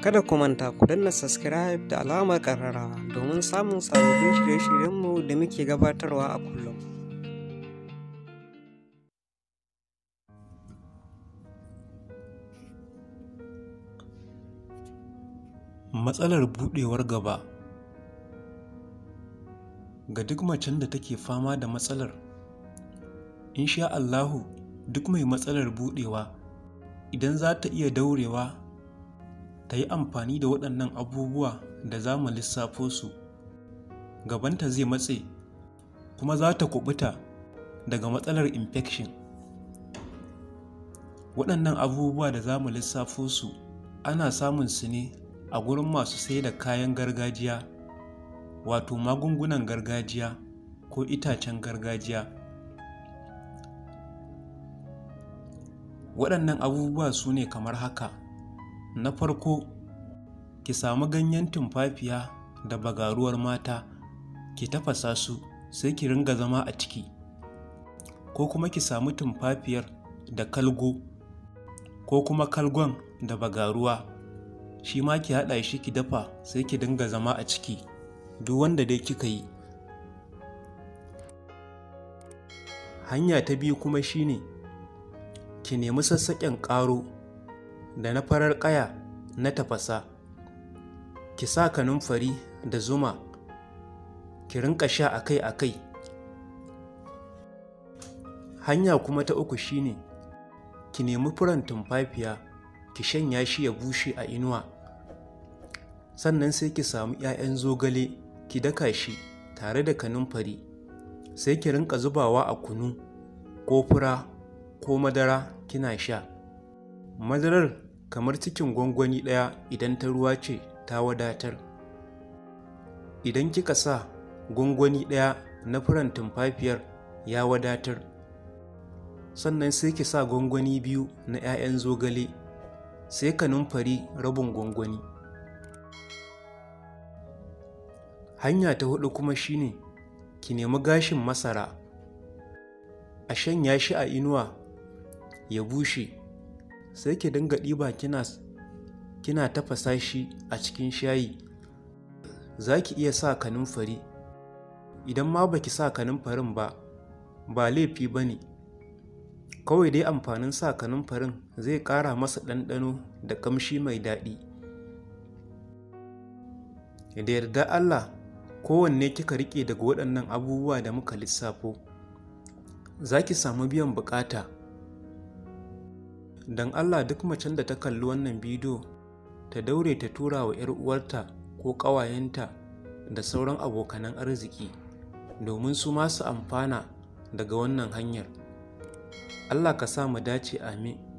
Kada ku manta ku danna subscribe da alamar ƙararrawa domin samun sababbin shirye-shiryenmu da muke gabatarwa a kullum. Matsalar buɗewar gaba Ga duk macen da take fama da matsalar, insha Allahu duk mai matsalar buɗewa idan za ta iya daurewa ta yi amfani da waɗannan abubuwa da za mu lissafo su gabanta zai matse kuma za ta kubuta daga matsalar infection waɗannan abubuwa da za mu lissafo su ana samun su ne a gurin masu sai da kayan gargajiya wato magungunan gargajiya ko itacen gargajiya waɗannan abubuwa su ne kamar haka na farko ki samu ganyen tumfafiya da bagaruwar mata ki tafasa su sai ki ringa zama a ciki ko kuma ki samu tumfafiyar da kalgo ko kuma kalgon da bagaruwa shi ma ki haɗa shi ki dafa sai ki dinga zama a ciki duk wanda dai kika yi hanya ta biyu kuma shine ki nemi sassaƙen ƙaro da na farar ƙaya na tafasa ki sa numfari da zuma ki rinka sha akai-akai hanya kuma ta uku shi ne, ki nemi furen tumfafiya ki shanya shi ya bushe a inuwa sannan sai ki samu 'ya'yan zogale ki daka shi tare da kanumfari sai ki rinka zubawa a kunu ko fura ko madara kina sha madarar kamar cikin gwangwani ɗaya idan ta ruwa ce ta wadatar idan kika sa gwangwani ɗaya na furen tumfafiyar ya wadatar sannan sai ki sa gwangwani biyu na 'ya'yan zogale sai ka numfari rabin gwangwani hanya ta hudu kuma shine ki nemi gashin masara a shanya shi a inuwa ya bushe sai ki dinga ɗiba kina kina tafasa shi a cikin shayi za ki iya sa fari idan ma ba ki sa farin ba ba laifi ba ne kawai dai amfanin sa farin zai ƙara masa ɗanɗano da ƙamshi mai daɗi da yarda Allah kowanne kika riƙe daga waɗannan abubuwa da muka lissafo za ki samu biyan buƙata don Allah duk macen da ta kalli wannan bidiyo ta daure ta tura wa 'yar uwarta ko ƙawayenta da sauran abokanan arziki domin su masu amfana daga wannan hanyar. Allah ka sa mu dace amin.